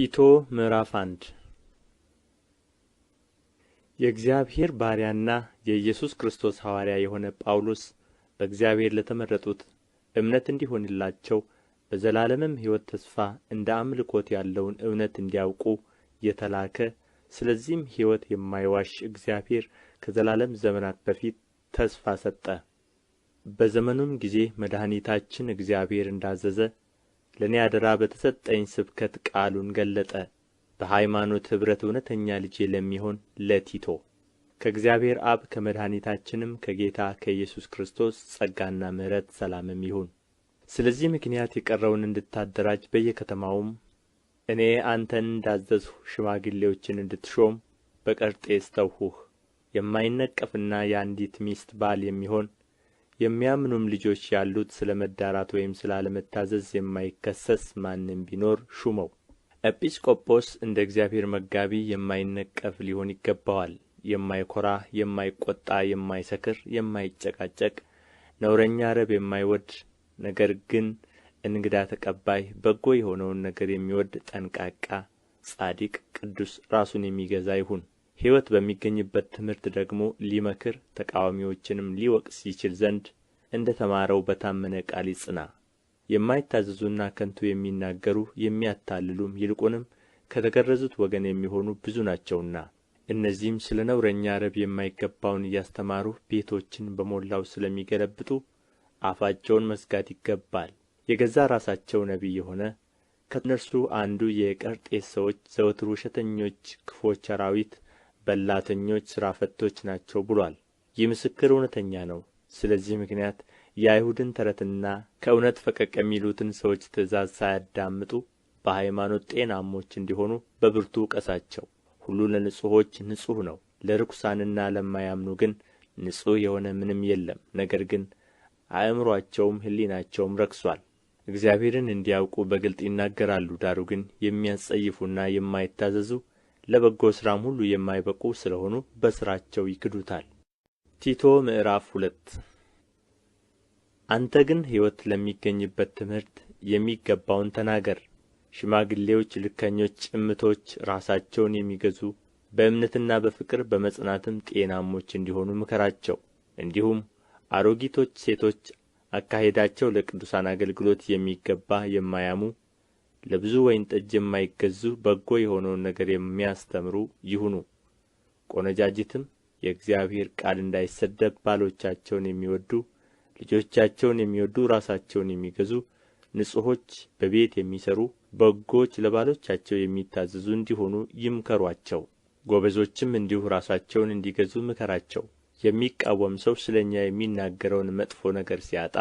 ቲቶ ምዕራፍ አንድ የእግዚአብሔር ባሪያና የኢየሱስ ክርስቶስ ሐዋርያ የሆነ ጳውሎስ በእግዚአብሔር ለተመረጡት እምነት እንዲሆንላቸው በዘላለምም ሕይወት ተስፋ እንደ አምልኮት ያለውን እውነት እንዲያውቁ የተላከ ስለዚህም ሕይወት የማይዋሽ እግዚአብሔር ከዘላለም ዘመናት በፊት ተስፋ ሰጠ። በዘመኑም ጊዜ መድኃኒታችን እግዚአብሔር እንዳዘዘ ለእኔ አደራ በተሰጠኝ ስብከት ቃሉን ገለጠ በሃይማኖት ኅብረት እውነተኛ ልጄ ለሚሆን ለቲቶ ከእግዚአብሔር አብ ከመድኃኒታችንም ከጌታ ከኢየሱስ ክርስቶስ ጸጋና ምሕረት ሰላምም ይሁን። ስለዚህ ምክንያት የቀረውን እንድታደራጅ በየከተማውም እኔ አንተን እንዳዘዝሁ ሽማግሌዎችን እንድትሾም በቀርጤስ ተውሁህ። የማይነቀፍና የአንዲት ሚስት ባል የሚሆን የሚያምኑም ልጆች ያሉት ስለ መዳራት ወይም ስለ አለመታዘዝ የማይከሰስ ማንም ቢኖር ሹመው ኤጲስቆጶስ እንደ እግዚአብሔር መጋቢ የማይነቀፍ ሊሆን ይገባዋል። የማይኮራ፣ የማይቆጣ፣ የማይሰክር፣ የማይጨቃጨቅ፣ ነውረኛ ረብ የማይወድ ነገር ግን እንግዳ ተቀባይ፣ በጎ የሆነውን ነገር የሚወድ ጠንቃቃ፣ ጻድቅ፣ ቅዱስ፣ ራሱን የሚገዛ ይሁን። ሕይወት በሚገኝበት ትምህርት ደግሞ ሊመክር ተቃዋሚዎችንም ሊወቅስ ይችል ዘንድ እንደ ተማረው በታመነ ቃል ይጽና የማይታዘዙና ከንቱ የሚናገሩ የሚያታልሉም ይልቁንም ከተገረዙት ወገን የሚሆኑ ብዙ ናቸውና እነዚህም ስለ ነውረኛ ረብ የማይገባውን እያስተማሩ ቤቶችን በሞላው ስለሚገለብጡ አፋቸውን መዝጋት ይገባል። የገዛ ራሳቸው ነቢይ የሆነ ከእነርሱ አንዱ የቀርጤስ ሰዎች ዘወትር ውሸተኞች፣ ክፎች፣ አራዊት በላተኞች ሥራ ፈቶች ናቸው ብሏል። ይህ ምስክር እውነተኛ ነው ስለዚህ ምክንያት የአይሁድን ተረትና ከእውነት ፈቀቅ የሚሉትን ሰዎች ትእዛዝ ሳያዳምጡ በሃይማኖት ጤናሞች እንዲሆኑ በብርቱ ውቀሳቸው ሁሉ ለንጹሖች ንጹሕ ነው ለርኩሳንና ለማያምኑ ግን ንጹሕ የሆነ ምንም የለም ነገር ግን አእምሮአቸውም ሕሊናቸውም ረክሷል እግዚአብሔርን እንዲያውቁ በግልጥ ይናገራሉ ዳሩ ግን የሚያስጸይፉና የማይታዘዙ ለበጎ ሥራም ሁሉ የማይበቁ ስለ ሆኑ በሥራቸው ይክዱታል። ቲቶ ምዕራፍ ሁለት አንተ ግን ሕይወት ለሚገኝበት ትምህርት የሚገባውን ተናገር። ሽማግሌዎች ልከኞች፣ ጭምቶች፣ ራሳቸውን የሚገዙ በእምነትና በፍቅር በመጽናትም ጤናሞች እንዲሆኑ ምከራቸው። እንዲሁም አሮጊቶች ሴቶች አካሄዳቸው ለቅዱሳን አገልግሎት የሚገባ የማያሙ ለብዙ ወይን ጠጅ የማይገዙ በጎ የሆነውን ነገር የሚያስተምሩ ይሁኑ ቆነጃጅትም የእግዚአብሔር ቃል እንዳይሰደብ ባሎቻቸውን የሚወዱ ልጆቻቸውን የሚወዱ ራሳቸውን የሚገዙ ንጹሖች በቤት የሚሰሩ በጎዎች ለባሎቻቸው የሚታዘዙ እንዲሆኑ ይምከሯቸው ጎበዞችም እንዲሁ ራሳቸውን እንዲገዙ ምከራቸው የሚቃወም ሰው ስለ እኛ የሚናገረውን መጥፎ ነገር ሲያጣ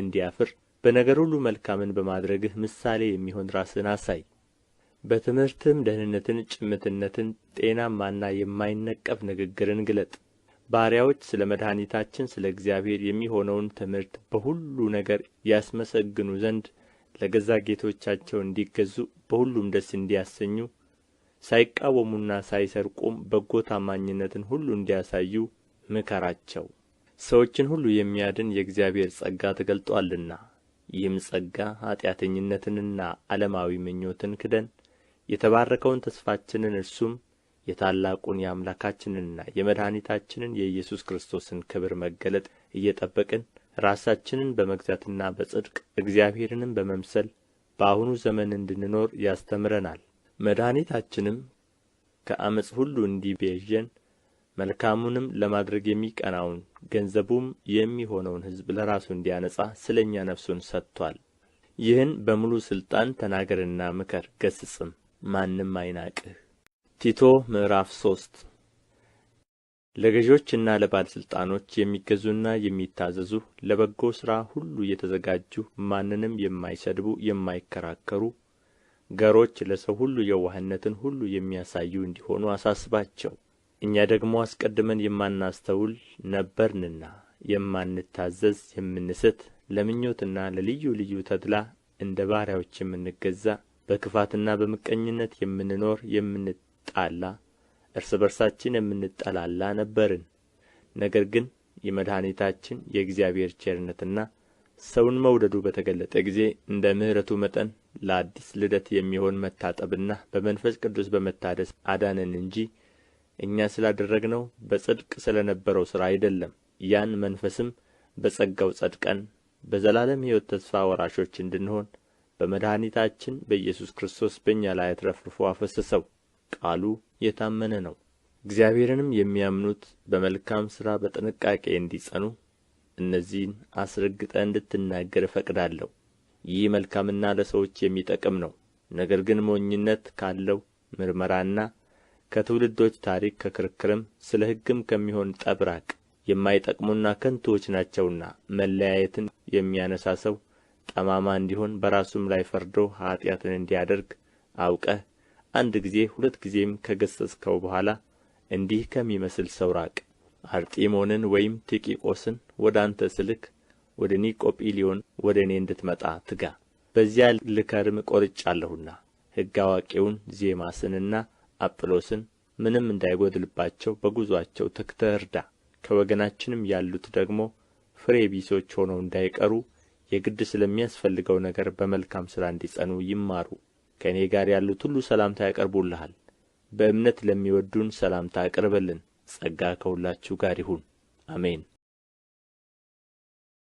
እንዲያፍር በነገር ሁሉ መልካምን በማድረግህ ምሳሌ የሚሆን ራስህን አሳይ በትምህርትህም ደህንነትን ጭምትነትን ጤናማና የማይነቀፍ ንግግርን ግለጥ ባሪያዎች ስለ መድኃኒታችን ስለ እግዚአብሔር የሚሆነውን ትምህርት በሁሉ ነገር ያስመሰግኑ ዘንድ ለገዛ ጌቶቻቸው እንዲገዙ በሁሉም ደስ እንዲያሰኙ ሳይቃወሙና ሳይሰርቁም በጎ ታማኝነትን ሁሉ እንዲያሳዩ ምከራቸው። ሰዎችን ሁሉ የሚያድን የእግዚአብሔር ጸጋ ተገልጦአልና ይህም ጸጋ ኃጢአተኝነትንና ዓለማዊ ምኞትን ክደን የተባረከውን ተስፋችንን እርሱም የታላቁን የአምላካችንንና የመድኃኒታችንን የኢየሱስ ክርስቶስን ክብር መገለጥ እየጠበቅን ራሳችንን በመግዛትና በጽድቅ እግዚአብሔርንም በመምሰል በአሁኑ ዘመን እንድንኖር ያስተምረናል። መድኃኒታችንም ከአመፅ ሁሉ እንዲቤዠን መልካሙንም ለማድረግ የሚቀናውን ገንዘቡም የሚሆነውን ሕዝብ ለራሱ እንዲያነጻ ስለ እኛ ነፍሱን ሰጥቶአል። ይህን በሙሉ ሥልጣን ተናገርና ምከር፣ ገስጽም፣ ማንም አይናቅህ። ቲቶ ምዕራፍ ሶስት ለገዦችና ለባለሥልጣኖች የሚገዙና የሚታዘዙ ለበጎ ሥራ ሁሉ የተዘጋጁ ማንንም የማይሰድቡ የማይከራከሩ ገሮች ለሰው ሁሉ የዋህነትን ሁሉ የሚያሳዩ እንዲሆኑ አሳስባቸው። እኛ ደግሞ አስቀድመን የማናስተውል ነበርንና የማንታዘዝ የምንስት ለምኞትና ለልዩ ልዩ ተድላ እንደ ባሪያዎች የምንገዛ በክፋትና በምቀኝነት የምንኖር የምንጣላ እርስ በርሳችን የምንጠላላ ነበርን። ነገር ግን የመድኃኒታችን የእግዚአብሔር ቸርነትና ሰውን መውደዱ በተገለጠ ጊዜ እንደ ምሕረቱ መጠን ለአዲስ ልደት የሚሆን መታጠብና በመንፈስ ቅዱስ በመታደስ አዳነን እንጂ እኛ ስላደረግነው በጽድቅ ስለ ነበረው ሥራ አይደለም ያን መንፈስም በጸጋው ጸድቀን በዘላለም ሕይወት ተስፋ ወራሾች እንድንሆን በመድኃኒታችን በኢየሱስ ክርስቶስ በእኛ ላይ አትረፍርፎ አፈሰሰው ቃሉ የታመነ ነው እግዚአብሔርንም የሚያምኑት በመልካም ሥራ በጥንቃቄ እንዲጸኑ እነዚህን አስረግጠ እንድትናገር እፈቅዳለሁ። ይህ መልካምና ለሰዎች የሚጠቅም ነው። ነገር ግን ሞኝነት ካለው ምርመራና ከትውልዶች ታሪክ ከክርክርም ስለ ሕግም ከሚሆን ጠብ ራቅ የማይጠቅሙና ከንቱዎች ናቸውና መለያየትን የሚያነሣ ሰው ጠማማ እንዲሆን በራሱም ላይ ፈርዶ ኀጢአትን እንዲያደርግ አውቀህ አንድ ጊዜ ሁለት ጊዜም ከገሠጽከው በኋላ እንዲህ ከሚመስል ሰው ራቅ። አርጢሞንን ወይም ቲቂቆስን ወደ አንተ ስልክ ወደ ኒቆጲሊዮን ወደ እኔ እንድትመጣ ትጋ። በዚያ ልከርም ቈርጫለሁና ሕግ አዋቂውን ዜማስንና አጵሎስን ምንም እንዳይጎድልባቸው በጉዞአቸው ተግተህ እርዳ ከወገናችንም ያሉት ደግሞ ፍሬ ቢሶች ሆነው እንዳይቀሩ የግድ ስለሚያስፈልገው ነገር በመልካም ሥራ እንዲጸኑ ይማሩ ከእኔ ጋር ያሉት ሁሉ ሰላምታ ያቀርቡልሃል በእምነት ለሚወዱን ሰላምታ አቅርብልን ጸጋ ከሁላችሁ ጋር ይሁን አሜን